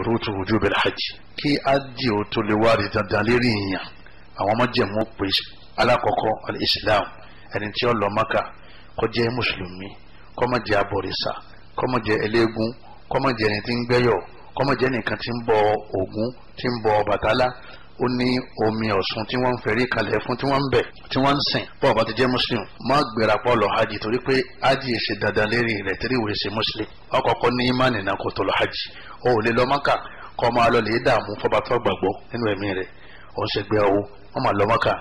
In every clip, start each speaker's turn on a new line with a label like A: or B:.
A: ṣurutu wujub al-hajj kí ájì ó tó lè wá rí dandan lérí ìyàn àwọn májẹ̀mú pé alákọ̀ọ́kọ́ al-islam ẹni tí ó lọ maka kó jẹ́ mùsùlùmí kó má jẹ́ abọ̀rìṣà kó má jẹ́ eléégún kó má jẹ́ ẹni tí ń gbẹ́yọ̀ kó má jẹ́ ẹnìkan tí ń bọ Ògún tí ń bọ Ọbàtálá ó ní omi ọ̀sùn tí wọ́n ń fẹ̀rí kalẹ̀ fún tí wọ́n ń bẹ̀ tí wọ́n ń sìn bọ́ ti jẹ́ muslim má gbéra pọ̀ lọ hajj torí pé hajj ṣe dandan lérí rẹ̀ ìwé ṣe muslim ọkọ̀ọ̀kọ́ ní imáni náà kò tó lọ hajj ó lè lọ mọ́kà kọ́ máa lọ lè dààmú fọba tó gbàgbọ́ nínú ẹ̀mí rẹ̀ ó ṣe gbé owó wọ́n máa lọ mọ́kà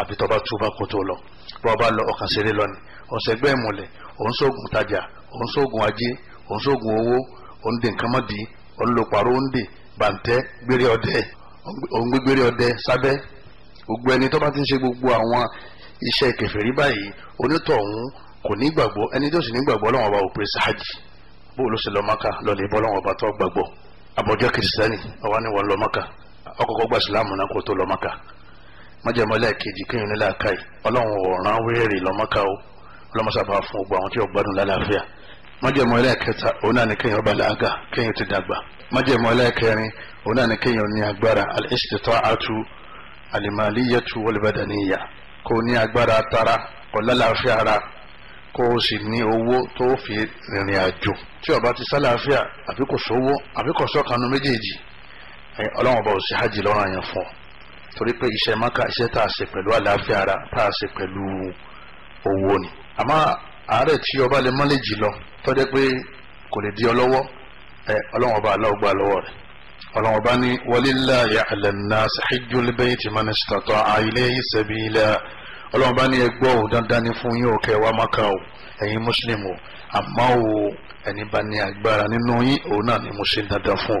A: àbí tọ́ba túbà kó tó lọ bọ́ọ̀bá lọ ọkàn ṣeré lọ ni ó ìmùlẹ̀ ó di ó ń lo pàrọ̀ òun gbégbére ọdẹ sábẹ́ gbogbo ẹni tó bá ti ń ṣe gbogbo àwọn iṣẹ́ kèfèrí báyìí onítọ̀hún kò ní gbàgbọ́ ẹni tó sì ní gbàgbọ́ lọ́wọ́ ọba òpin sáájì bó ló ṣe lọ maka lọ́lẹ̀ ìbọn lọ́wọ́ ọba tó gbàgbọ́ àbọ̀jọ́ kìrìsìtẹ́nì ọwọ́ ni wọ́n lọ maka ọkọ̀kọ́ gba ìsìlámù náà kó tó lọ maka májàmọ́lá kejì kéèyàn nílẹ̀ àkàì ọlọ́run ọ̀ràn wéèrè lọ maka o ọlọ́mọsábà fún gbogbo àwọn tí ó gbádùn lálàáfíà májàmọ́lá kẹta òun náà ni kéèyàn ọba làágà kéèyàn ti dàgbà májàmọ́lá kẹrin òun náà ni kéèyàn ní agbára al-istita'atu al-maliyatu wal-badaniyya kó ní agbára tara kó lálàáfíà ara kó o sì ní owó tó fi rìnrìn àjò tí ó bá ti sálàáfíà àbí kò sówó àbí kò sọ́kànnú méjèèjì ọlọ́run ọba ò sí hajj lọ́rùn àyàn fún ọ torí pé iṣẹ́ maka iṣẹ́ tá a ṣe pẹ̀lú àlàáfíà ara tá a ṣe pẹ̀lú owó ni àmọ́ àárẹ̀ tí ọba lè mọ́lẹ̀ jì lọ tọ́jú pé kò lè di ọ lọ́wọ́ ọlọ́run ọba aláwọ̀ gbà lọ́wọ́ rẹ̀ ọlọ́wọ́n bá ní walillahi ala nnasi hijjul bayti man istata'a ilayhi sabila ọlọ́wọ́n bá ní ẹgbọ́ ò dandan ní fún yín òkè wa maka o ẹ̀yin muslim o àmọ́ o ẹni bá ní agbára nínú yín òun náà ni mo ṣe dandan fún o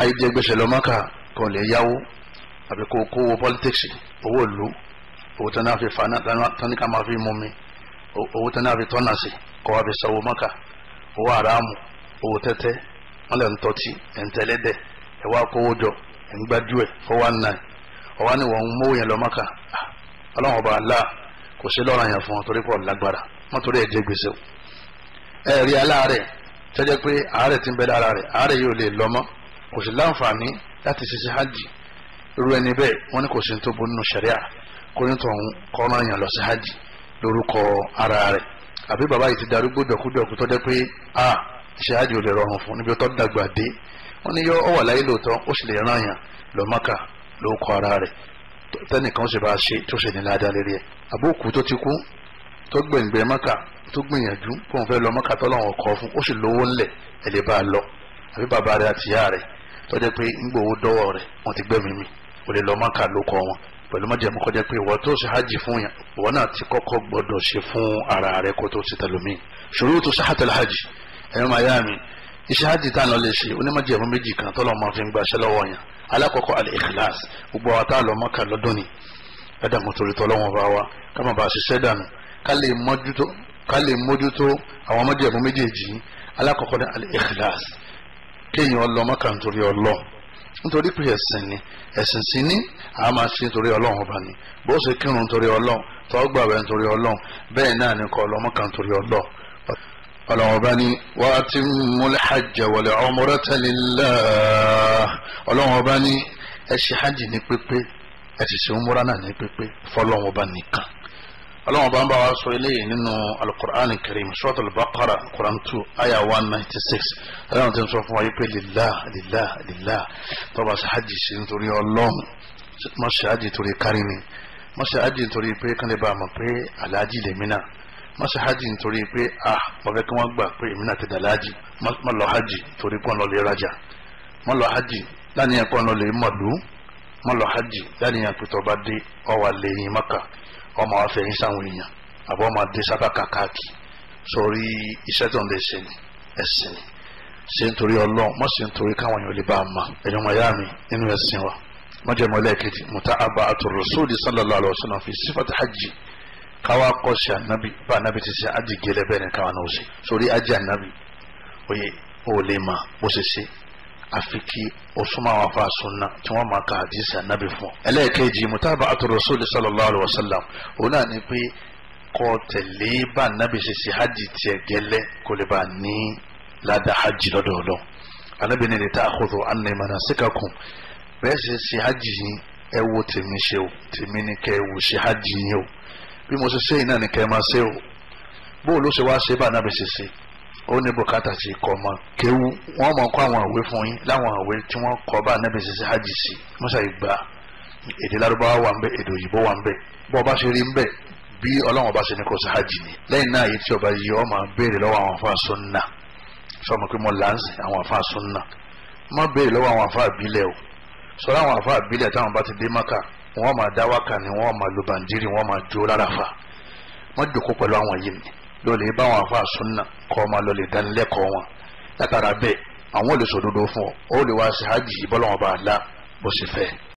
A: ayé jẹ́ gbèsè lọ maka kò lè yáwó àbí kò kówó politics owó ìlú owó tán náà fi fa tán ká máa fi mú mi owó tán náà fi tọ́nà sí kọ́ wọn lè ń tọ́tí ẹ̀ ń tẹ́lẹ́dẹ̀ ẹ̀ wá kówó jọ ẹ̀ ń gbájú ẹ̀ four one nine ọ̀wá ni wọ́n ń mówó yẹn lọ mọ́kà ah, ọlọ́run ọba alá kò sí lọ́ra yẹn fún ọ torí pọ̀ lágbára wọ́n torí ẹ̀ jẹ́ gbèsè o ẹ̀ rí aláàárẹ̀ tẹ́jẹ́ pé àárẹ̀ ti ń bẹ lára rẹ̀ àárẹ̀ yóò lè lọ́mọ́ kò sí láǹfààní láti ṣiṣẹ́ hajj irú ẹni bẹ́ẹ̀ wọ́n kò sí tó bónú ṣẹ̀ríà kó ní tọ̀hún kọ́ran yẹn lọ sí hajj lórúkọ ara rẹ̀ àbí bàbá yìí ti darúgbó dọ̀kúdọ̀kú tọ́jẹ́ pé a. Ah, ṣe àjò lè rọrùn fún níbi tó dàgbà dé wọ́n ní yọ ọwà láyé lóòótọ́ ó sì lè ràn yàn lọ mọ́kà ló kọ ara rẹ̀ tẹ́nìkan sì bá ṣe tó ṣe nílá dá lérí ẹ̀ àbókù tó ti kú tó gbẹ̀ngbẹ̀ mọ́kà tó gbìyànjú fún òun fẹ́ lọ mọ́kà tọ́lọ́wọ̀n kọ́ fún ó sì lówó ńlẹ̀ ẹ̀ lè bá a lọ àbí bàbá rẹ̀ àti ìyá rẹ̀ tọ́jẹ́ pé ńgbòho dọ́wọ́ rẹ̀ wọ́n ti gbẹ̀mí mi ò lè lọ mọ́kà ló kọ wọn pẹ̀lú májẹ̀mú kọjá pé ìwọ tó ṣe hajj fún yàn ìwọ náà ti kọ́kọ́ gbọ́dọ̀ ṣe fún ara rẹ̀ kó tó ṣe tẹlómi ṣòro tó ṣe hajj ẹ̀rọ màyá mi iṣẹ́ hajj tá à ń lọ lè ṣe onímọ̀jẹ̀ fún méjì kan tọ́lọ́ máa fi ń gbaṣẹ́ lọ́wọ́ yẹn alákọ̀ọ́kọ́ al-ikhlas gbogbo àwọn tá a lọ mọ́kà lọ́dún ni ẹ̀dá kan torí tọ́lọ́wọ́n bá wa ká má bàa ṣiṣẹ́ dànù ká lè mójútó àwọn mọ́jẹ̀ fún méjèèjì alákọ̀ọ́kọ́ ní al-ikhlas kéèyàn lọ mọ́kà nítorí ọlọ́ọ̀ nítorí pé ẹ̀sìn ni ẹ̀sìn sí ni a máa ṣe nítorí ọlọ́run ọba ni bó ṣe kírun nítorí ọlọ́run tó gbàwẹ̀ nítorí ọlọ́run bẹ́ẹ̀ náà ni kọ́ ọlọ́mọ́kà nítorí ọlọ́run ọlọ́run bá ní wa atimmul hajja wal umrata lillah ọlọ́run bá ní ẹ ṣe hajj ní pépé ẹ sì ṣe umura náà ní pépé fọlọ́run nìkan ọlọ́run ń bá wa sọ eléyìí nínú alukur'an karim suratul baqara quran two ayah one ninety six ọlọ́run ti ń sọ fún wa yí pé lillah lillah lillah tó bá ṣe hajj ṣe nítorí ọlọ́run má ṣe hajj torí kárí mi ṣe hajj torí pé kán bá a mọ̀ pé aláàjì lèmi náà má ṣe hajj nítorí pé ah mo fẹ́ kí wọ́n gbà pé èmi náà ti dàlẹ́ má lọ hajji torí pọ́n lọ lè rajà má lọ hajj láníyàn pọ́n lọ lè má ọwà lè yin maka ọmọ ma fẹ́ yín sáwọn èèyàn àbọ̀ ọmọ adé sábà kàkàkì sórí iṣẹ́ tó ń lè ṣe ni ni ṣe ọlọ́run má ṣe káwọn èèyàn lè bá a ma ẹ̀yọ́ mọ̀ yá mi nínú ẹ̀sìn wa mùtá àbá sóòdì káwa kọ́ sí ànábì bá ànábì ti ṣe ájì gẹ́lẹ́ bẹ́ẹ̀ ni káwa náà ṣe sórí ájì ànábì oye o lè mà bó ṣe ṣe àfi kí o súnmọ́ àwọn afa sunna tí wọ́n máa ka àdìsí ànábì fún ọ. ẹlẹ́ẹ̀kejì mutaba àtọ̀rọ̀ sóòlì sallallahu alayhi wa sallam òun náà ni pé kọ́ tẹ̀lé bá ànábì ṣe ṣe ájì tiẹ̀ gẹ́lẹ́ kó lè bá ní ládàá ájì lọ́dọ̀ ọlọ́run ànábì ní lè ta àkóso àná manasikakum bẹ́ẹ̀ ṣe ṣe ájì tèmi ṣe o tèmi ní kẹ́ ẹ wò ṣe o bí mo ṣe ṣe iná nìkan ẹ máa ṣe o bóun ló ṣe wá ṣe bá anábì ṣe ṣe ó ní bùkátà sí kọ́ ọmọ kéwú wọ́n mọ̀ kọ́ àwọn àwé fún yín láwọn àwé tí wọ́n kọ́ bá anábì ṣe ṣe hajj sí mọ́ṣá ìgbà èdè lárúbáwá wà ń bẹ èdè òyìnbó wà ń bẹ bọ́ ọba ṣe rí ń bẹ bí ọlọ́wọ́n ọba ṣe ní kò ṣe hajj ni lẹ́yìn náà yìí tí ọba yìí ọmọ béèrè lọ́wọ́ àwọn afa sunna sọmọ pé mo là ń sìn àwọn afa sunna má béèrè lọ́wọ́ àwọn afa àbílẹ̀ o sọ láwọn afa àbílẹ̀ táwọn bá ti dé Mákà wọ́n máa dá wákà ni wọ́n máa lo bàǹdírì wọ́n máa jó rárá fa wọ́n jòkó pẹ̀lú àwọn yìí ni lóòlì bá wọn àfa sunna kọ́ máa lọ lè wọn látara bẹ́ẹ̀ àwọn olùsòdodo fún ọ ó lè wá sí hajj bọ́lọ́wọ́n bá a la bó ṣe fẹ́.